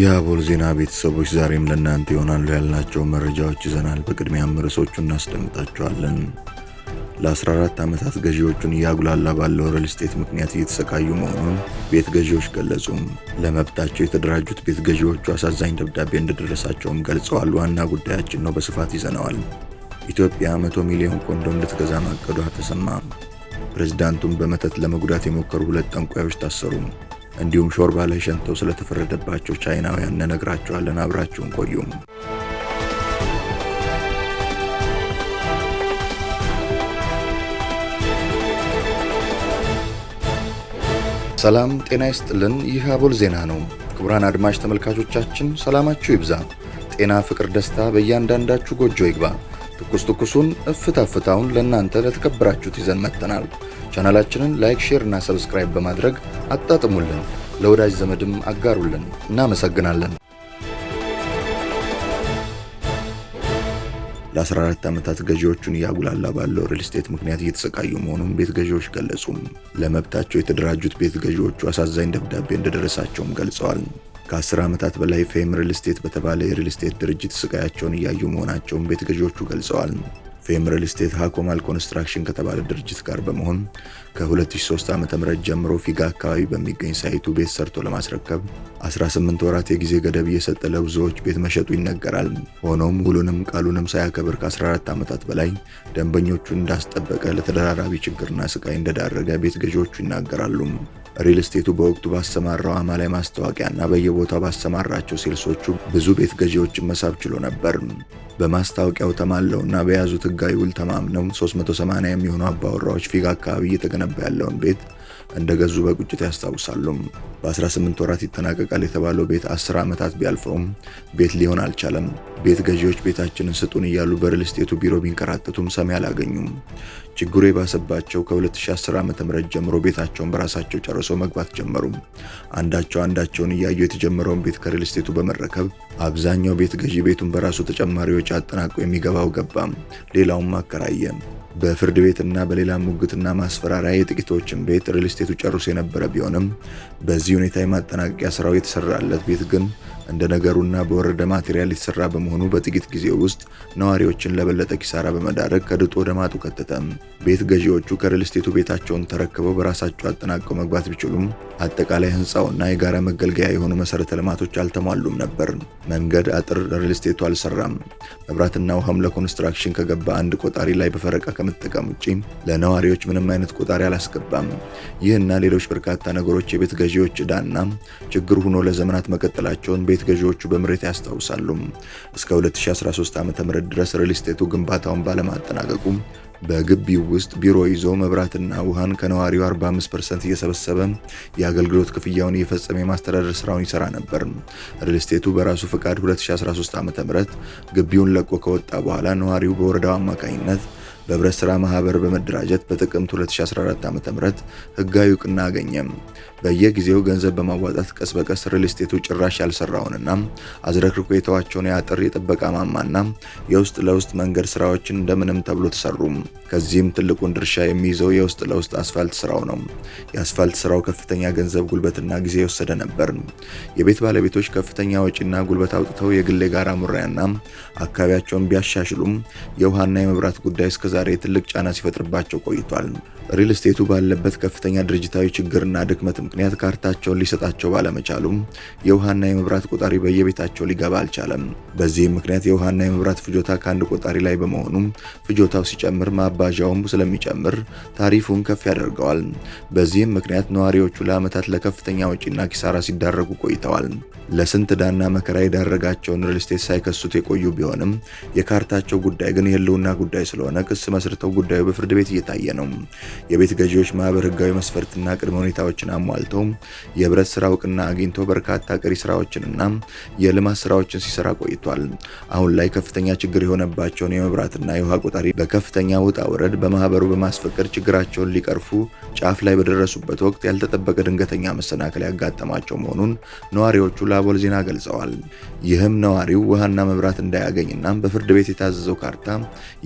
የአቦል ዜና ቤተሰቦች ዛሬም ለእናንተ ይሆናሉ ያልናቸው መረጃዎች ይዘናል። በቅድሚያም ርዕሶቹ እናስደምጣቸዋለን። ለ14 ዓመታት ገዢዎቹን እያጉላላ ባለው ሪል ስቴት ምክንያት እየተሰቃዩ መሆኑን ቤት ገዢዎች ገለጹም። ለመብታቸው የተደራጁት ቤት ገዢዎቹ አሳዛኝ ደብዳቤ እንደደረሳቸውም ገልጸዋል። ዋና ጉዳያችን ነው፣ በስፋት ይዘነዋል። ኢትዮጵያ 100 ሚሊዮን ኮንዶም ልትገዛ ማቀዷ ተሰማ። ፕሬዝዳንቱን በመተት ለመጉዳት የሞከሩ ሁለት ጠንቋዮች ታሰሩ። እንዲሁም ሾርባ ላይ ሸንተው ስለተፈረደባቸው ቻይናውያን እንነግራችኋለን። አብራችሁን ቆዩም። ሰላም ጤና ይስጥልን። ይህ አቦል ዜና ነው። ክቡራን አድማጭ ተመልካቾቻችን ሰላማችሁ ይብዛ፣ ጤና፣ ፍቅር፣ ደስታ በእያንዳንዳችሁ ጎጆ ይግባ። ትኩስ ትኩሱን እፍታ ፍታውን ለእናንተ ለተከበራችሁት ይዘን መጥተናል። ቻናላችንን ላይክ፣ ሼር እና ሰብስክራይብ በማድረግ አጣጥሙልን፣ ለወዳጅ ዘመድም አጋሩልን። እናመሰግናለን። ለ14 ዓመታት ገዢዎቹን እያጉላላ ባለው ሪል ስቴት ምክንያት እየተሰቃዩ መሆኑን ቤት ገዢዎች ገለጹም። ለመብታቸው የተደራጁት ቤት ገዢዎቹ አሳዛኝ ደብዳቤ እንደደረሳቸውም ገልጸዋል። ከ10 ዓመታት በላይ ፌም ሪል ስቴት በተባለ የሪል ስቴት ድርጅት ስቃያቸውን እያዩ መሆናቸውን ቤት ገዢዎቹ ገልጸዋል። ፌም ሪል ስቴት ሀኮማል ኮንስትራክሽን ከተባለ ድርጅት ጋር በመሆን ከ2003 ዓ.ም ጀምሮ ፊጋ አካባቢ በሚገኝ ሳይቱ ቤት ሰርቶ ለማስረከብ 18 ወራት የጊዜ ገደብ እየሰጠ ለብዙዎች ቤት መሸጡ ይነገራል። ሆኖም ውሉንም ቃሉንም ሳያከብር ከ14 ዓመታት በላይ ደንበኞቹን እንዳስጠበቀ ለተደራራቢ ችግርና ስቃይ እንደዳረገ ቤት ገዢዎቹ ይናገራሉ። ሪል ስቴቱ በወቅቱ ባሰማራው አማላይ ማስታወቂያና በየቦታው ባሰማራቸው ሴልሶቹ ብዙ ቤት ገዢዎችን መሳብ ችሎ ነበር። በማስታወቂያው ተማለውና በያዙት ህጋዊ ውል ተማምነው 380 የሚሆኑ አባወራዎች ፊጋ አካባቢ እየተገነባ ያለውን ቤት እንደገዙ በቁጭት ያስታውሳሉ። በ18 ወራት ይጠናቀቃል የተባለው ቤት 10 ዓመታት ቢያልፈውም ቤት ሊሆን አልቻለም። ቤት ገዢዎች ቤታችንን ስጡን እያሉ በሪል ስቴቱ ቢሮ ቢንከራተቱም ሰሚ አላገኙም። ችግሩ የባሰባቸው ከ2010 ዓ.ም ጀምሮ ቤታቸውን በራሳቸው ጨርሶ መግባት ጀመሩ። አንዳቸው አንዳቸውን እያዩ የተጀመረውን ቤት ከሪል ስቴቱ በመረከብ አብዛኛው ቤት ገዢ ቤቱን በራሱ ተጨማሪ ወጪ የሚገባው ገባም፣ ሌላውም አከራየም። በፍርድ ቤትና በሌላ ሙግትና ማስፈራሪያ የጥቂቶችን ቤት ሪል ስቴቱ ጨርሶ የነበረ ቢሆንም በዚህ ሁኔታ የማጠናቀቂያ ስራው የተሰራለት ቤት ግን እንደ ነገሩና በወረደ ማቴሪያል ሊሰራ በመሆኑ በጥቂት ጊዜ ውስጥ ነዋሪዎችን ለበለጠ ኪሳራ በመዳረግ ከድጡ ወደ ማጡ ከተተም። ቤት ገዢዎቹ ከሪልስቴቱ ቤታቸውን ተረክበው በራሳቸው አጠናቀው መግባት ቢችሉም አጠቃላይ ህንፃውና የጋራ መገልገያ የሆኑ መሰረተ ልማቶች አልተሟሉም ነበር። መንገድ፣ አጥር ሪልስቴቱ አልሰራም። መብራትና ውሃም ለኮንስትራክሽን ከገባ አንድ ቆጣሪ ላይ በፈረቃ ከመጠቀም ውጪ ለነዋሪዎች ምንም አይነት ቆጣሪ አላስገባም። ይህና ሌሎች በርካታ ነገሮች የቤት ገዢዎች ዕዳና ችግር ሆኖ ለዘመናት መቀጠላቸውን ቤት ገዢዎቹ በምሬት ያስታውሳሉ። እስከ 2013 ዓ ም ድረስ ሪል ስቴቱ ግንባታውን ባለማጠናቀቁ በግቢው ውስጥ ቢሮ ይዞ መብራትና ውሃን ከነዋሪው 45% እየሰበሰበ የአገልግሎት ክፍያውን እየፈጸመ የማስተዳደር ስራውን ይሰራ ነበር። ሪል ስቴቱ በራሱ ፍቃድ 2013 ዓ.ም ግቢውን ለቆ ከወጣ በኋላ ነዋሪው በወረዳው አማካኝነት በህብረት ስራ ማህበር በመደራጀት በጥቅምት 2014 ዓ.ም ህጋዊ እውቅና አገኘ። በየጊዜው ገንዘብ በማዋጣት ቀስ በቀስ ሪል ስቴቱ ጭራሽ ያልሰራውንና አዝረክርኮ የተዋቸውን የአጥር የጥበቃ ማማና የውስጥ ለውስጥ መንገድ ስራዎችን እንደምንም ተብሎ ተሰሩ። ከዚህም ትልቁን ድርሻ የሚይዘው የውስጥ ለውስጥ አስፋልት ስራው ነው። የአስፋልት ስራው ከፍተኛ ገንዘብ፣ ጉልበትና ጊዜ የወሰደ ነበር። የቤት ባለቤቶች ከፍተኛ ወጪና ጉልበት አውጥተው የግሌ ጋራ ሙሪያና አካባቢያቸውን ቢያሻሽሉም የውሃና የመብራት ጉዳይ እስከዛሬ ትልቅ ጫና ሲፈጥርባቸው ቆይቷል። ሪል ስቴቱ ባለበት ከፍተኛ ድርጅታዊ ችግርና ድክመትም ምክንያት ካርታቸውን ሊሰጣቸው ባለመቻሉም የውሃና የመብራት ቆጣሪ በየቤታቸው ሊገባ አልቻለም። በዚህም ምክንያት የውሃና የመብራት ፍጆታ ከአንድ ቆጣሪ ላይ በመሆኑ ፍጆታው ሲጨምር ማባዣውም ስለሚጨምር ታሪፉን ከፍ ያደርገዋል። በዚህም ምክንያት ነዋሪዎቹ ለዓመታት ለከፍተኛ ወጪና ኪሳራ ሲዳረጉ ቆይተዋል። ለስንት ዳና መከራ የዳረጋቸውን ሪልስቴት ስቴት ሳይከሱት የቆዩ ቢሆንም የካርታቸው ጉዳይ ግን የህልውና ጉዳይ ስለሆነ ክስ መስርተው ጉዳዩ በፍርድ ቤት እየታየ ነው። የቤት ገዢዎች ማህበር ህጋዊ መስፈርትና ቅድመ ሁኔታዎችን አሟል ተሰማርቶ የህብረት ስራ እውቅና አግኝቶ በርካታ ቀሪ ስራዎችንና የልማት ስራዎችን ሲሰራ ቆይቷል። አሁን ላይ ከፍተኛ ችግር የሆነባቸውን የመብራትና የውሃ ቆጣሪ በከፍተኛ ውጣ ውረድ በማህበሩ በማስፈቀድ ችግራቸውን ሊቀርፉ ጫፍ ላይ በደረሱበት ወቅት ያልተጠበቀ ድንገተኛ መሰናከል ያጋጠማቸው መሆኑን ነዋሪዎቹ ለአቦል ዜና ገልጸዋል። ይህም ነዋሪው ውሃና መብራት እንዳያገኝና በፍርድ ቤት የታዘዘው ካርታ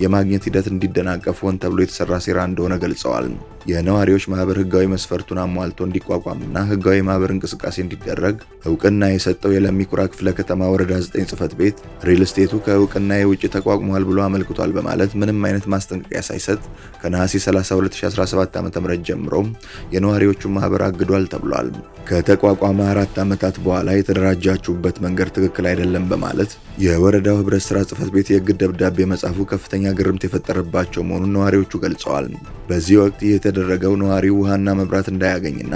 የማግኘት ሂደት እንዲደናቀፍ ሆን ተብሎ የተሰራ ሴራ እንደሆነ ገልጸዋል። የነዋሪዎች ማህበር ህጋዊ መስፈርቱን አሟልቶ እንዲቋቋም እንዲቋቋምና ህጋዊ ማህበር እንቅስቃሴ እንዲደረግ እውቅና የሰጠው የለሚኩራ ክፍለ ከተማ ወረዳ 9 ጽህፈት ቤት ሪል ስቴቱ ከእውቅና የውጭ ተቋቁሟል ብሎ አመልክቷል በማለት ምንም አይነት ማስጠንቀቂያ ሳይሰጥ ከነሐሴ 30 2017 ዓ.ም ጀምሮ የነዋሪዎቹን ማህበር አግዷል ተብሏል። ከተቋቋመ አራት ዓመታት በኋላ የተደራጃችሁበት መንገድ ትክክል አይደለም በማለት የወረዳው ህብረት ስራ ጽህፈት ቤት የእግድ ደብዳቤ መጻፉ ከፍተኛ ግርምት የፈጠረባቸው መሆኑን ነዋሪዎቹ ገልጸዋል። በዚህ ወቅት ይህ የተደረገው ነዋሪው ውሃና መብራት እንዳያገኝና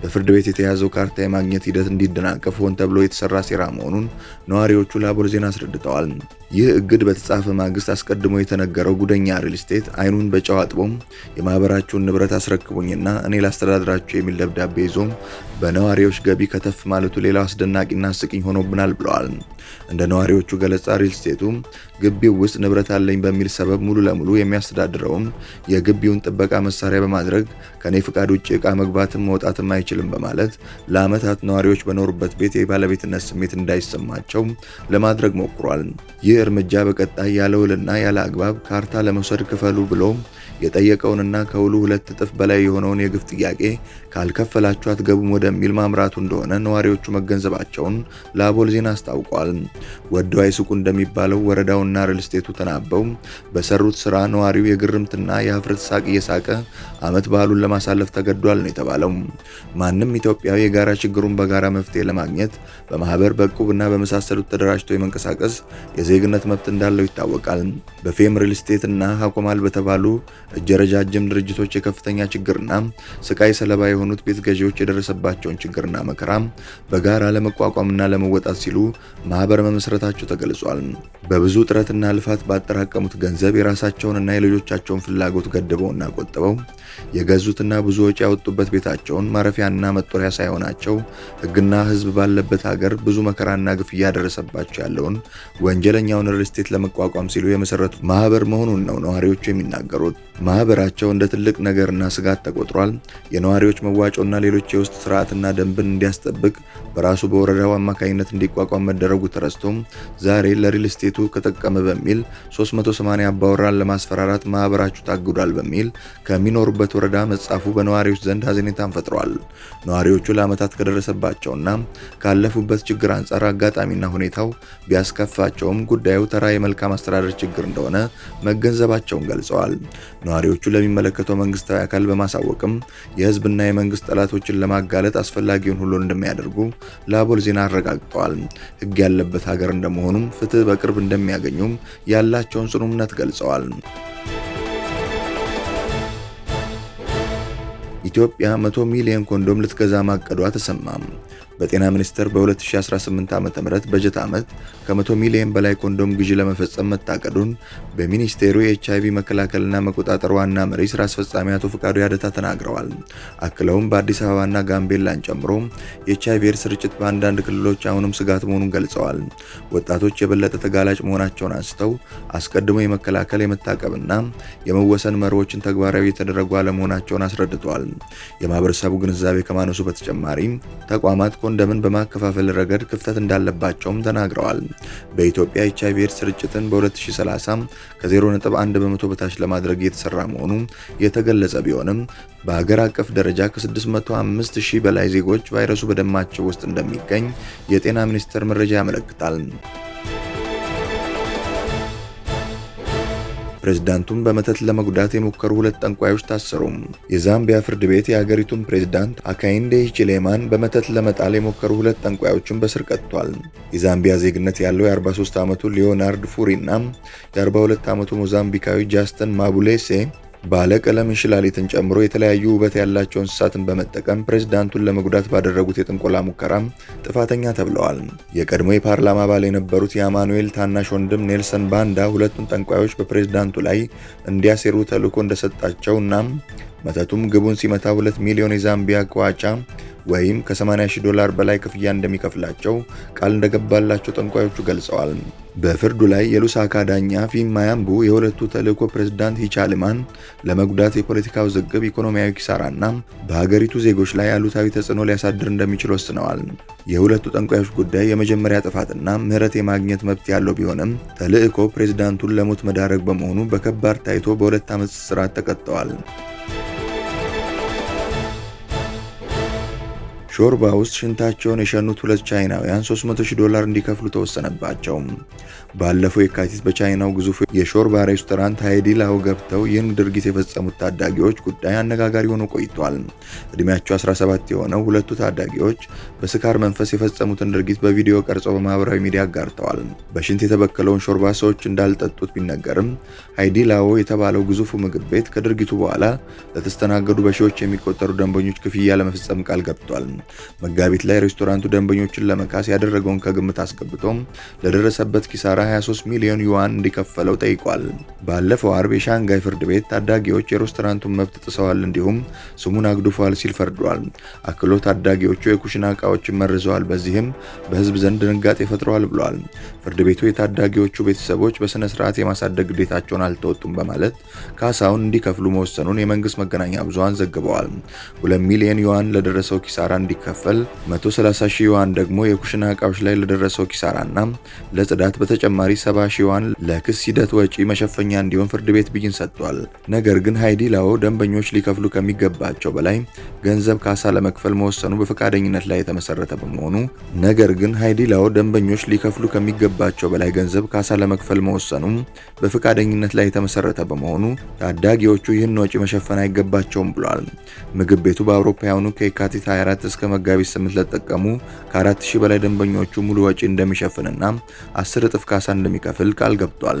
በፍርድ ቤት የተያዘው ካርታ የማግኘት ሂደት እንዲደናቀፍ ሆን ተብሎ የተሰራ ሴራ መሆኑን ነዋሪዎቹ ለአቦል ዜና አስረድተዋል። ይህ እግድ በተጻፈ ማግስት አስቀድሞ የተነገረው ጉደኛ ሪል ስቴት አይኑን በጨው አጥቦም የማህበራችሁን ንብረት አስረክቡኝና እኔ ላስተዳድራችሁ የሚል ደብዳቤ ይዞም በነዋሪዎች ገቢ ከተፍ ማለቱ ሌላው አስደናቂና አስቂኝ ሆኖብናል ብለዋል። እንደ ነዋሪዎቹ ገለጻ ሪል ስቴቱ ግቢው ውስጥ ንብረት አለኝ በሚል ሰበብ ሙሉ ለሙሉ የሚያስተዳድረውም የግቢውን ጥበቃ መሳሪያ በማድረግ ከኔ ፍቃድ ውጭ እቃ መግባትም መውጣትም አይችልም በማለት ለአመታት ነዋሪዎች በኖሩበት ቤት የባለቤትነት ስሜት እንዳይሰማቸው ለማድረግ ሞክሯል። ይህ እርምጃ በቀጣይ ያለ ውልና ያለ አግባብ ካርታ ለመውሰድ ክፈሉ ብሎ የጠየቀውንና ከውሉ ሁለት እጥፍ በላይ የሆነውን የግፍ ጥያቄ ካልከፈላችሁ አትገቡም ወደሚል ማምራቱ እንደሆነ ነዋሪዎቹ መገንዘባቸውን ለአቦል ዜና አስታውቋል። ወደዋይ አይሱቁ እንደሚባለው ወረዳው ንግዱና ሪል ስቴቱ ተናበው በሰሩት ስራ ነዋሪው የግርምትና የሀፍረት ሳቅ እየሳቀ አመት በዓሉን ለማሳለፍ ተገዷል ነው የተባለው። ማንም ኢትዮጵያዊ የጋራ ችግሩን በጋራ መፍትሄ ለማግኘት በማህበር በእቁብና በመሳሰሉት ተደራጅቶ የመንቀሳቀስ የዜግነት መብት እንዳለው ይታወቃል። በፌም ሪል ስቴት እና ሀኮማል በተባሉ እጀረጃጅም ድርጅቶች የከፍተኛ ችግርና ስቃይ ሰለባ የሆኑት ቤት ገዢዎች የደረሰባቸውን ችግርና መከራ በጋራ ለመቋቋምና ለመወጣት ሲሉ ማህበር መመስረታቸው ተገልጿል። በብዙ ጥረትና ልፋት ባጠራቀሙት ገንዘብ የራሳቸውንና የልጆቻቸውን ፍላጎት ገድበውና ቆጥበው የገዙትና ብዙ ወጪ ያወጡበት ቤታቸውን ማረፊያና መጦሪያ ሳይሆናቸው ሕግና ሕዝብ ባለበት ሀገር ብዙ መከራና ግፍ እያደረሰባቸው ያለውን ወንጀለኛውን ሪልስቴት ለመቋቋም ሲሉ የመሰረቱት ማህበር መሆኑን ነው ነዋሪዎቹ የሚናገሩት። ማህበራቸው እንደ ትልቅ ነገርና ስጋት ተቆጥሯል። የነዋሪዎች መዋጮና ሌሎች የውስጥ ስርዓትና ደንብን እንዲያስጠብቅ በራሱ በወረዳው አማካኝነት እንዲቋቋም መደረጉ ተረስቶም ዛሬ ለሪል ስቴቱ ከጠቀ ተጠቀመ በሚል 380 አባወራን ለማስፈራራት ማህበራችሁ ታግዷል በሚል ከሚኖሩበት ወረዳ መጻፉ በነዋሪዎች ዘንድ ሀዘኔታን ፈጥሯል። ነዋሪዎቹ ለዓመታት ከደረሰባቸውና ካለፉበት ችግር አንጻር አጋጣሚና ሁኔታው ቢያስከፋቸውም ጉዳዩ ተራ የመልካም አስተዳደር ችግር እንደሆነ መገንዘባቸውን ገልጸዋል። ነዋሪዎቹ ለሚመለከተው መንግስታዊ አካል በማሳወቅም የህዝብና የመንግስት ጠላቶችን ለማጋለጥ አስፈላጊውን ሁሉ እንደሚያደርጉ ለአቦል ዜና አረጋግጠዋል። ህግ ያለበት ሀገር እንደመሆኑም ፍትህ በቅርብ እንደሚያገኙ እንደሚገኙም ያላቸውን ጽኑ እምነት ገልጸዋል። ኢትዮጵያ 100 ሚሊዮን ኮንዶም ልትገዛ ማቀዷ ተሰማም። በጤና ሚኒስቴር በ2018 ዓ ም በጀት ዓመት ከ100 ሚሊዮን በላይ ኮንዶም ግዢ ለመፈጸም መታቀዱን በሚኒስቴሩ የኤች አይቪ መከላከልና መቆጣጠር ዋና መሪ ስራ አስፈጻሚ አቶ ፍቃዱ ያደታ ተናግረዋል። አክለውም በአዲስ አበባና ጋምቤላን ጨምሮ የኤች አይቪ ኤድስ ስርጭት በአንዳንድ ክልሎች አሁንም ስጋት መሆኑን ገልጸዋል። ወጣቶች የበለጠ ተጋላጭ መሆናቸውን አንስተው አስቀድሞ የመከላከል የመታቀብና የመወሰን መርሆችን ተግባራዊ የተደረጉ አለመሆናቸውን አስረድተዋል። የማህበረሰቡ ግንዛቤ ከማነሱ በተጨማሪ ተቋማት ኮንደምን በማከፋፈል ረገድ ክፍተት እንዳለባቸውም ተናግረዋል። በኢትዮጵያ ኤች አይቪ ኤድስ ስርጭትን በ2030 ከ0.1 በመቶ በታች ለማድረግ የተሰራ መሆኑ የተገለጸ ቢሆንም በሀገር አቀፍ ደረጃ ከ605 ሺህ በላይ ዜጎች ቫይረሱ በደማቸው ውስጥ እንደሚገኝ የጤና ሚኒስቴር መረጃ ያመለክታል። ፕሬዝዳንቱን በመተት ለመጉዳት የሞከሩ ሁለት ጠንቋዮች ታሰሩም። የዛምቢያ ፍርድ ቤት የሀገሪቱን ፕሬዝዳንት አካይንዴ ሂችሌማን በመተት ለመጣል የሞከሩ ሁለት ጠንቋዮችን በስር ቀጥቷል። የዛምቢያ ዜግነት ያለው የ43 ዓመቱ ሊዮናርድ ፉሪ እና የ42 ዓመቱ ሞዛምቢካዊ ጃስተን ማቡሌሴ ባለቀለም እንሽላሊትን ጨምሮ የተለያዩ ውበት ያላቸው እንስሳትን በመጠቀም ፕሬዝዳንቱን ለመጉዳት ባደረጉት የጥንቆላ ሙከራም ጥፋተኛ ተብለዋል። የቀድሞ የፓርላማ አባል የነበሩት የአማኑኤል ታናሽ ወንድም ኔልሰን ባንዳ ሁለቱን ጠንቋዮች በፕሬዝዳንቱ ላይ እንዲያሴሩ ተልዕኮ እንደሰጣቸው እናም መተቱም ግቡን ሲመታ 2 ሚሊዮን የዛምቢያ ቋጫ ወይም ከ80 ሺህ ዶላር በላይ ክፍያ እንደሚከፍላቸው ቃል እንደገባላቸው ጠንቋዮቹ ገልጸዋል። በፍርዱ ላይ የሉሳካ ዳኛ ፊም ማያምቡ የሁለቱ ተልእኮ ፕሬዝዳንት ሂቻልማን ለመጉዳት የፖለቲካ ውዝግብ ኢኮኖሚያዊ ኪሳራና በሀገሪቱ ዜጎች ላይ አሉታዊ ተጽዕኖ ሊያሳድር እንደሚችል ወስነዋል። የሁለቱ ጠንቋዮች ጉዳይ የመጀመሪያ ጥፋትና ምህረት የማግኘት መብት ያለው ቢሆንም ተልእኮ ፕሬዝዳንቱን ለሞት መዳረግ በመሆኑ በከባድ ታይቶ በሁለት ዓመት እስራት ተቀጥተዋል። ሾርባ ውስጥ ሽንታቸውን የሸኑት ሁለት ቻይናውያን 300 ዶላር እንዲከፍሉ ተወሰነባቸው። ባለፈው የካቲት በቻይናው ግዙፍ የሾርባ ሬስቶራንት ላው ገብተው ይህን ድርጊት የፈጸሙት ታዳጊዎች ጉዳይ አነጋጋሪ ሆኖ ቆይቷል። እድሜያቸው 17 የሆነው ሁለቱ ታዳጊዎች በስካር መንፈስ የፈጸሙትን ድርጊት በቪዲዮ ቀርጸው በማህበራዊ ሚዲያ አጋርተዋል። በሽንት የተበከለውን ሾርባ ሰዎች እንዳልጠጡት ቢነገርም ላዎ የተባለው ግዙፉ ምግብ ቤት ከድርጊቱ በኋላ ለተስተናገዱ በሺዎች የሚቆጠሩ ደንበኞች ክፍያ ለመፈጸም ቃል ገብቷል። መጋቢት ላይ ሬስቶራንቱ ደንበኞችን ለመካስ ያደረገውን ከግምት አስገብቶም ለደረሰበት ኪሳራ 23 ሚሊዮን ዩዋን እንዲከፈለው ጠይቋል። ባለፈው አርብ የሻንጋይ ፍርድ ቤት ታዳጊዎች የሬስቶራንቱን መብት ጥሰዋል፣ እንዲሁም ስሙን አግዱፏል ሲል ፈርዷል። አክሎ ታዳጊዎቹ የኩሽና እቃዎችን መርዘዋል፣ በዚህም በህዝብ ዘንድ ድንጋጤ ፈጥረዋል ብሏል። ፍርድ ቤቱ የታዳጊዎቹ ቤተሰቦች በስነ ስርዓት የማሳደግ ግዴታቸውን አልተወጡም በማለት ካሳውን እንዲከፍሉ መወሰኑን የመንግስት መገናኛ ብዙሃን ዘግበዋል። 2 ሚሊዮን ዩዋን ለደረሰው ኪሳራ እንዲከፈል፣ 130 ሺህ ዩዋን ደግሞ የኩሽና እቃዎች ላይ ለደረሰው ኪሳራና ለጽዳት በተጨማሪ 70 ሺህ ዩዋን ለክስ ሂደት ወጪ መሸፈኛ እንዲሆን ፍርድ ቤት ብይን ሰጥቷል። ነገር ግን ሃይዲ ላኦ ደንበኞች ሊከፍሉ ከሚገባቸው በላይ ገንዘብ ካሳ ለመክፈል መወሰኑ በፈቃደኝነት ላይ የተመሰረተ በመሆኑ ነገር ግን ሃይዲ ላኦ ደንበኞች ሊከፍሉ ከሚገባቸው በላይ ገንዘብ ካሳ ለመክፈል መወሰኑ በፈቃደኝነት ላይ የተመሰረተ በመሆኑ ታዳጊዎቹ ይህን ወጪ መሸፈን አይገባቸውም ብሏል። ምግብ ቤቱ በአውሮፓውያኑ ከየካቲት 24 እስከ መጋቢት 8 ለተጠቀሙ ከ4000 በላይ ደንበኞቹ ሙሉ ወጪ እንደሚሸፍንና 10 እጥፍ ካሳ እንደሚከፍል ቃል ገብቷል።